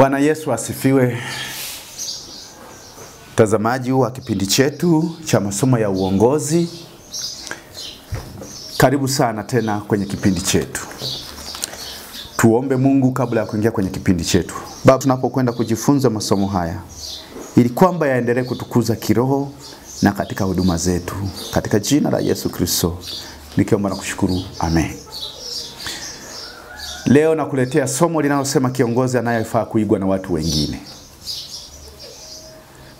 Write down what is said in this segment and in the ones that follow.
Bwana Yesu asifiwe. Mtazamaji wa kipindi chetu cha masomo ya uongozi, karibu sana tena kwenye kipindi chetu. Tuombe Mungu kabla ya kuingia kwenye kipindi chetu. Baba, tunapokwenda kujifunza masomo haya, ili kwamba yaendelee kutukuza kiroho na katika huduma zetu, katika jina la Yesu Kristo nikiomba na kushukuru, amen. Leo nakuletea somo linalosema kiongozi anayefaa kuigwa na watu wengine.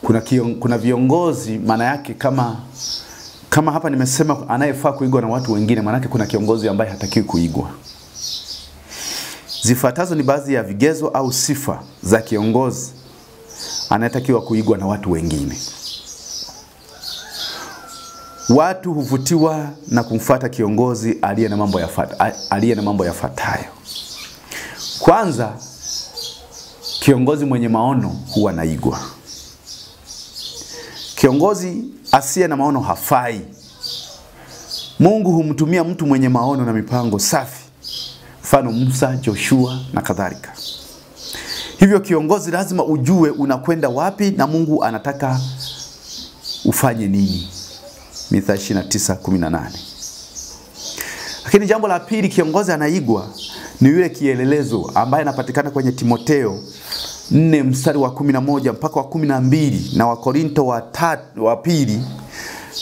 Kuna, kion, kuna viongozi maana yake kama kama hapa nimesema anayefaa kuigwa na watu wengine, maanake kuna kiongozi ambaye hatakiwi kuigwa. Zifuatazo ni baadhi ya vigezo au sifa za kiongozi anayetakiwa kuigwa na watu wengine. Watu huvutiwa na kumfuata kiongozi aliye na mambo yafuatayo. Kwanza, kiongozi mwenye maono huwa naigwa. Kiongozi asiye na maono hafai. Mungu humtumia mtu mwenye maono na mipango safi, mfano Musa, Joshua na kadhalika. Hivyo kiongozi lazima ujue unakwenda wapi na Mungu anataka ufanye nini. Mithali 29:18. Lakini jambo la pili, kiongozi anaigwa ni yule kielelezo ambaye anapatikana kwenye Timoteo nne mstari wa kumi na moja mpaka wa kumi na mbili na Wakorinto wa, tatu, wa pili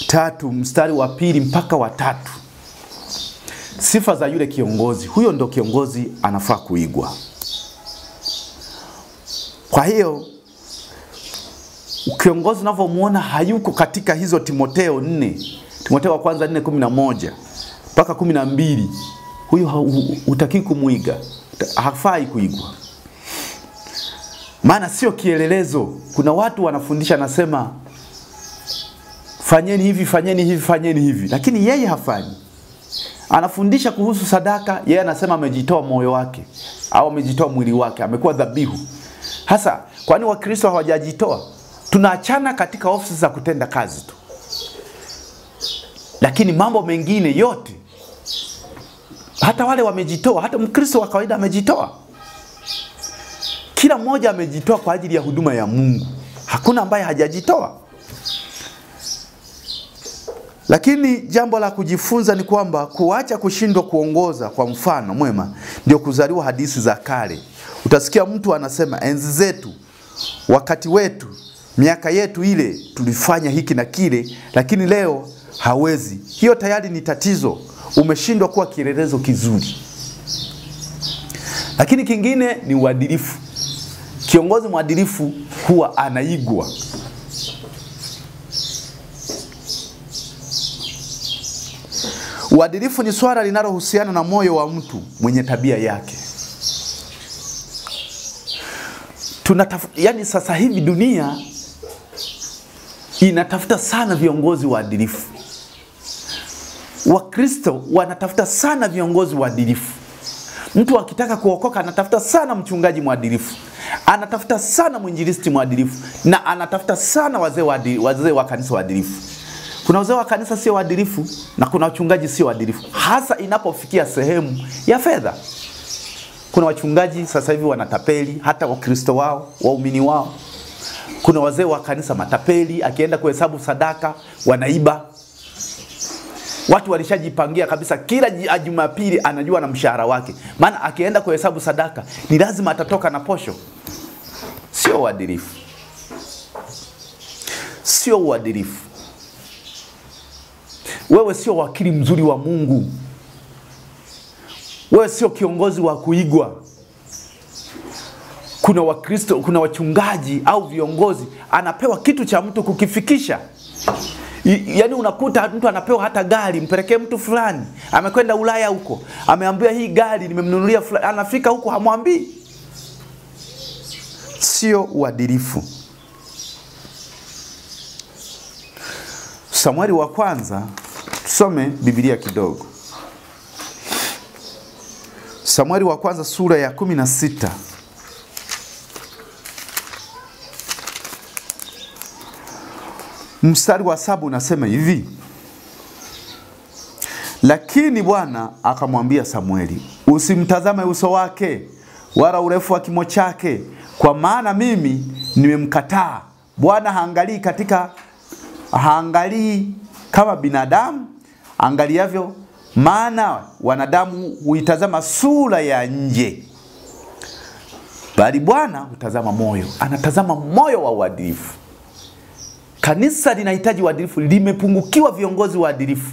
tatu mstari wa pili mpaka wa tatu. Sifa za yule kiongozi, huyo ndo kiongozi anafaa kuigwa. Kwa hiyo kiongozi unavyomuona hayuko katika hizo Timoteo nne Timoteo wa kwanza nne kumi na moja mpaka kumi na mbili huyo hutaki kumuiga hafai kuigwa, maana sio kielelezo. Kuna watu wanafundisha, nasema fanyeni hivi, fanyeni hivi, fanyeni hivi, lakini yeye hafanyi. Anafundisha kuhusu sadaka, yeye anasema amejitoa moyo wake au amejitoa mwili wake, amekuwa dhabihu. Hasa kwani Wakristo hawajajitoa? Tunaachana katika ofisi za kutenda kazi tu, lakini mambo mengine yote hata wale wamejitoa, hata Mkristo wa kawaida amejitoa. Kila mmoja amejitoa kwa ajili ya huduma ya Mungu, hakuna ambaye hajajitoa. Lakini jambo la kujifunza ni kwamba kuacha kushindwa kuongoza kwa mfano mwema ndio kuzaliwa hadithi za kale. Utasikia mtu anasema, enzi zetu, wakati wetu, miaka yetu ile tulifanya hiki na kile, lakini leo hawezi. Hiyo tayari ni tatizo umeshindwa kuwa kielelezo kizuri. Lakini kingine ni uadilifu. Kiongozi mwadilifu huwa anaigwa. Uadilifu ni swala linalohusiana na moyo wa mtu mwenye tabia yake. yani sasa hivi dunia inatafuta sana viongozi waadilifu. Wakristo wanatafuta sana viongozi waadilifu. Mtu akitaka kuokoka anatafuta sana mchungaji mwadilifu, anatafuta sana mwinjilisti mwadilifu, na anatafuta sana wazee wa wazee wa kanisa waadilifu. Kuna wazee wa kanisa sio waadilifu na kuna wachungaji sio waadilifu, hasa inapofikia sehemu ya fedha. Kuna wachungaji sasa hivi wanatapeli hata wakristo wao, waumini wao. Kuna wazee wa kanisa matapeli, akienda kuhesabu sadaka wanaiba. Watu walishajipangia kabisa, kila Jumapili anajua na mshahara wake, maana akienda kuhesabu sadaka ni lazima atatoka na posho. Sio uadilifu, sio uadilifu. Wewe sio wakili mzuri wa Mungu, wewe sio kiongozi wa kuigwa. Kuna Wakristo, kuna wachungaji au viongozi, anapewa kitu cha mtu kukifikisha yaani unakuta mtu anapewa hata gari, mpelekee mtu fulani, amekwenda Ulaya huko, ameambiwa hii gari nimemnunulia fulani, anafika huko hamwambii. Sio uadilifu. Samueli wa kwanza, tusome Biblia kidogo. Samueli wa kwanza sura ya kumi na sita mstari wa saba unasema hivi, lakini Bwana akamwambia Samueli, usimtazame uso wake wala urefu wa kimo chake, kwa maana mimi nimemkataa. Bwana haangalii katika haangalii kama binadamu angaliavyo, maana wanadamu huitazama sura ya nje, bali Bwana hutazama moyo. Anatazama moyo wa uadilifu. Kanisa linahitaji waadilifu, limepungukiwa viongozi waadilifu,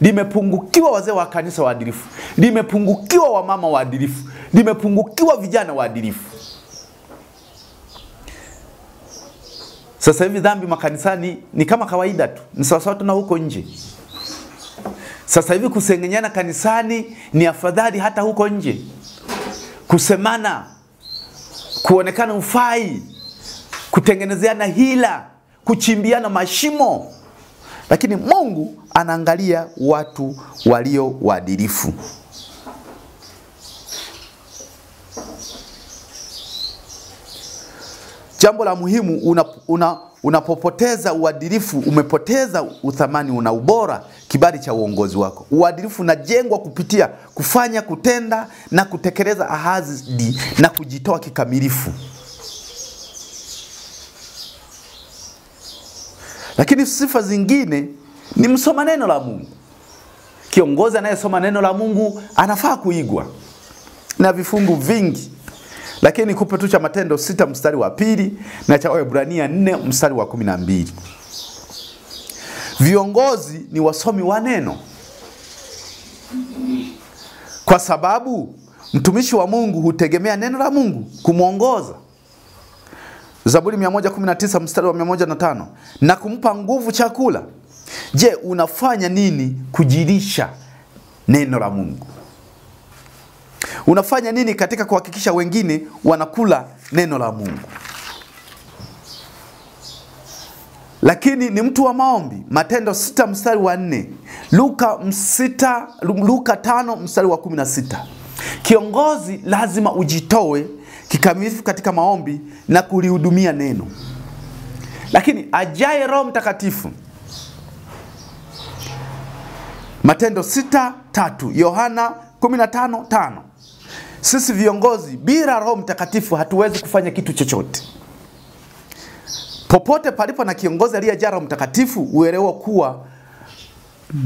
limepungukiwa wazee wa kanisa waadilifu, limepungukiwa wamama waadilifu, limepungukiwa vijana waadilifu. Sasa hivi dhambi makanisani ni kama kawaida tu, ni sawasawa tuna huko nje. Sasa hivi kusengenyana kanisani ni afadhali hata huko nje, kusemana, kuonekana ufai, kutengenezeana hila kuchimbiana mashimo, lakini Mungu anaangalia watu walio waadilifu. Jambo la muhimu, una, una, unapopoteza uadilifu umepoteza uthamani una ubora kibali cha uongozi wako. Uadilifu unajengwa kupitia kufanya, kutenda na kutekeleza ahadi na kujitoa kikamilifu. Lakini sifa zingine ni msoma neno la Mungu. Kiongozi anayesoma neno la Mungu anafaa kuigwa na vifungu vingi, lakini nikupe tu cha Matendo sita mstari wa pili na cha Waebrania nne mstari wa kumi na mbili. Viongozi ni wasomi wa neno, kwa sababu mtumishi wa Mungu hutegemea neno la Mungu kumwongoza. Zaburi 119 mstari wa 105, na kumpa nguvu chakula. Je, unafanya nini kujilisha neno la Mungu? Unafanya nini katika kuhakikisha wengine wanakula neno la Mungu? Lakini ni mtu wa maombi. Matendo sita mstari wa nne, Luka msita, Luka tano mstari wa 16. Kiongozi lazima ujitoe kikamilifu katika maombi na kulihudumia neno. Lakini ajaye Roho Mtakatifu, Matendo sita tatu, Yohana 15:5. Sisi viongozi bila Roho Mtakatifu hatuwezi kufanya kitu chochote. Popote palipo na kiongozi aliyejaa Roho Mtakatifu, uelewa kuwa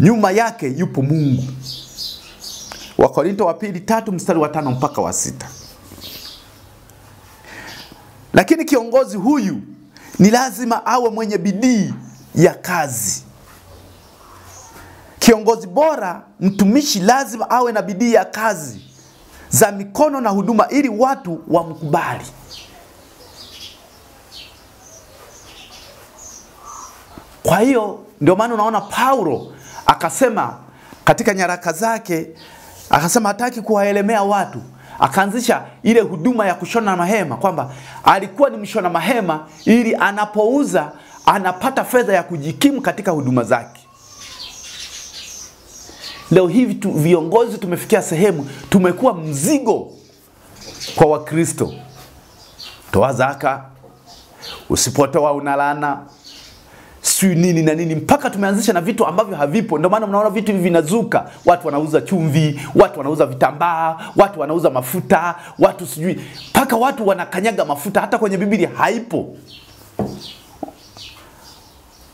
nyuma yake yupo Mungu. Wakorinto wa pili tatu mstari wa tano mpaka wa sita. Lakini kiongozi huyu ni lazima awe mwenye bidii ya kazi. Kiongozi bora, mtumishi lazima awe na bidii ya kazi za mikono na huduma ili watu wamkubali. Kwa hiyo ndio maana unaona Paulo akasema katika nyaraka zake akasema hataki kuwaelemea watu akaanzisha ile huduma ya kushona mahema, kwamba alikuwa ni mshona mahema ili anapouza anapata fedha ya kujikimu katika huduma zake. Leo hivi tu, viongozi tumefikia sehemu tumekuwa mzigo kwa Wakristo. Toa zaka, usipotoa unalana si nini na nini, mpaka tumeanzisha na vitu ambavyo havipo. Ndio maana mnaona vitu hivi vinazuka, watu wanauza chumvi, watu wanauza vitambaa, watu wanauza mafuta, watu sijui, mpaka watu wanakanyaga mafuta, hata kwenye Biblia haipo.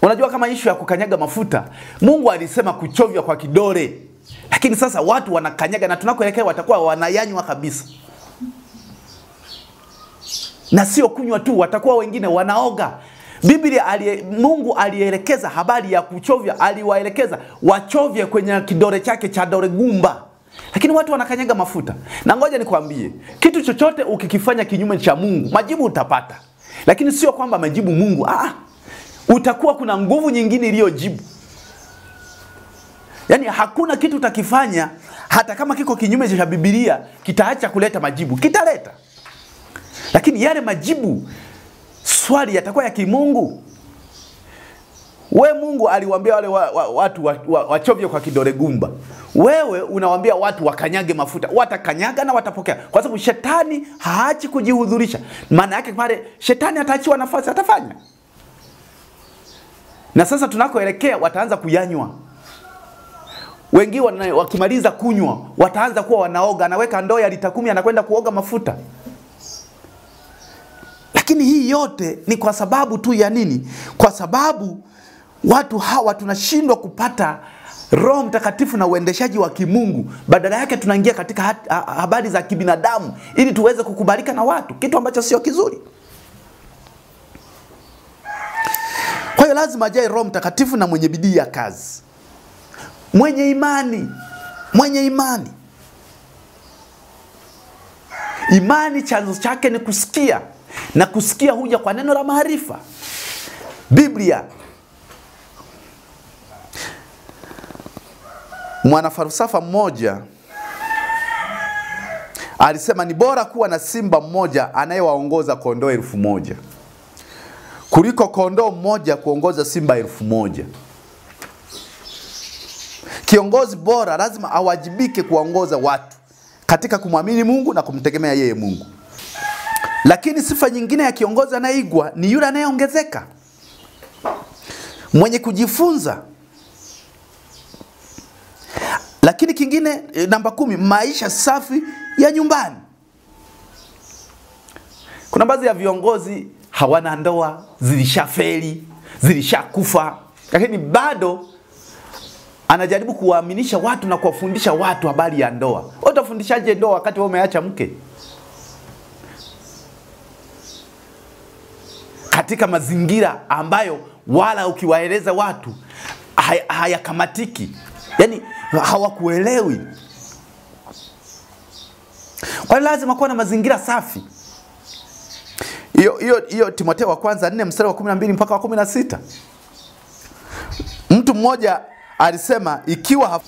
Unajua kama ishu ya kukanyaga mafuta, Mungu alisema kuchovya kwa kidole, lakini sasa watu wanakanyaga, na tunakoelekea watakuwa wanayanywa kabisa, na sio kunywa tu, watakuwa wengine wanaoga Biblia alie, Mungu alielekeza habari ya kuchovya, aliwaelekeza wachovye kwenye kidore chake cha dore gumba, lakini watu wanakanyaga mafuta. Na ngoja nikwambie, kitu chochote ukikifanya kinyume cha Mungu, majibu utapata, lakini sio kwamba majibu Mungu. ah, ah utakuwa kuna nguvu nyingine iliyojibu. Yaani hakuna kitu utakifanya hata kama kiko kinyume cha Biblia kitaacha kuleta majibu, kitaleta, lakini yale majibu maswali yatakuwa ya kimungu. We Mungu aliwaambia wale wa, wa, watu wa, wa, wachovye kwa kidole gumba. Wewe unawaambia watu wakanyage mafuta, watakanyaga na watapokea, kwa sababu shetani haachi kujihudhurisha. Maana yake pale shetani ataachiwa nafasi, atafanya. Na sasa tunakoelekea wataanza kuyanywa wengi wakimaliza kunywa wataanza kuwa wanaoga, anaweka ndoo ya lita kumi, anakwenda kuoga mafuta. Lakini hii yote ni kwa sababu tu ya nini? Kwa sababu watu hawa tunashindwa kupata Roho Mtakatifu na uendeshaji wa kimungu, badala yake tunaingia katika habari za kibinadamu ili tuweze kukubalika na watu, kitu ambacho sio kizuri. Kwa hiyo lazima ajae Roho Mtakatifu na mwenye bidii ya kazi, mwenye imani, mwenye imani. Imani chanzo chake ni kusikia na kusikia huja kwa neno la maarifa. Biblia, mwanafalsafa mmoja alisema ni bora kuwa na simba mmoja anayewaongoza kondoo elfu moja kuliko kondoo mmoja kuongoza simba elfu moja. Kiongozi bora lazima awajibike kuwaongoza watu katika kumwamini Mungu na kumtegemea yeye Mungu. Lakini sifa nyingine ya kiongozi anayeigwa ni yule anayeongezeka, mwenye kujifunza. Lakini kingine eh, namba kumi, maisha safi ya nyumbani. Kuna baadhi ya viongozi hawana ndoa, zilishafeli, zilishakufa, lakini bado anajaribu kuwaaminisha watu na kuwafundisha watu habari ya ndoa. Wewe utafundishaje ndoa wakati wewe umeacha mke? katika mazingira ambayo wala ukiwaeleza watu hayakamatiki, yani hawakuelewi. Kwa hiyo lazima kuwa na mazingira safi. Hiyo hiyo hiyo Timotheo wa kwanza 4 mstari wa 12 mpaka wa 16. Mtu mmoja alisema ikiwa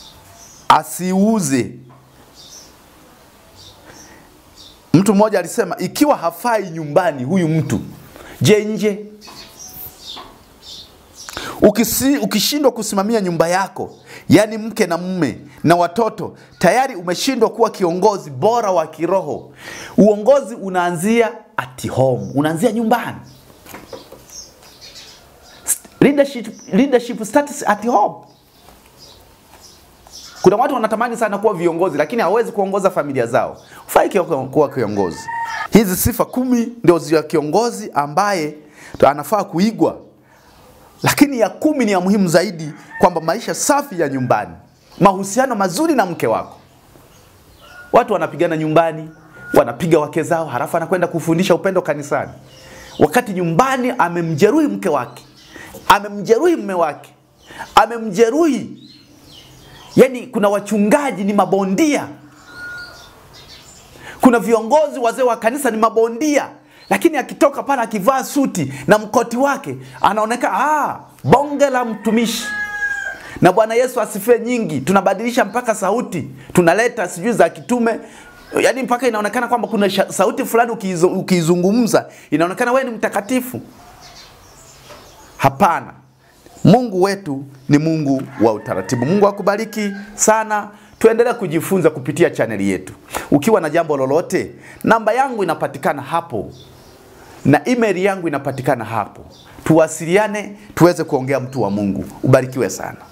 asiuze. Mtu mmoja alisema ikiwa hafai nyumbani huyu mtu je nje ukishindwa kusimamia nyumba yako, yaani mke na mume na watoto, tayari umeshindwa kuwa kiongozi bora wa kiroho. Uongozi unaanzia at home, unaanzia nyumbani. Leadership, leadership at home. Kuna watu wanatamani sana kuwa viongozi, lakini hawezi kuongoza familia zao. ufaikiwa kuwa kiongozi. Hizi sifa kumi ndio za kiongozi ambaye anafaa kuigwa, lakini ya kumi ni ya muhimu zaidi, kwamba maisha safi ya nyumbani, mahusiano mazuri na mke wako. Watu wanapigana nyumbani, wanapiga wake zao, halafu anakwenda kufundisha upendo kanisani, wakati nyumbani amemjeruhi mke wake, amemjeruhi mme wake, amemjeruhi. Yani kuna wachungaji ni mabondia kuna viongozi wazee wa kanisa ni mabondia, lakini akitoka pale akivaa suti na mkoti wake anaonekana ah, bonge la mtumishi. Na Bwana Yesu asifiwe nyingi, tunabadilisha mpaka sauti, tunaleta sijui za kitume yaani mpaka inaonekana kwamba kuna sauti fulani ukiizungumza inaonekana wewe ni mtakatifu. Hapana, Mungu wetu ni Mungu wa utaratibu. Mungu akubariki sana tuendelea kujifunza kupitia chaneli yetu. Ukiwa na jambo lolote, namba yangu inapatikana hapo na email yangu inapatikana hapo. Tuwasiliane tuweze kuongea, mtu wa Mungu. Ubarikiwe sana.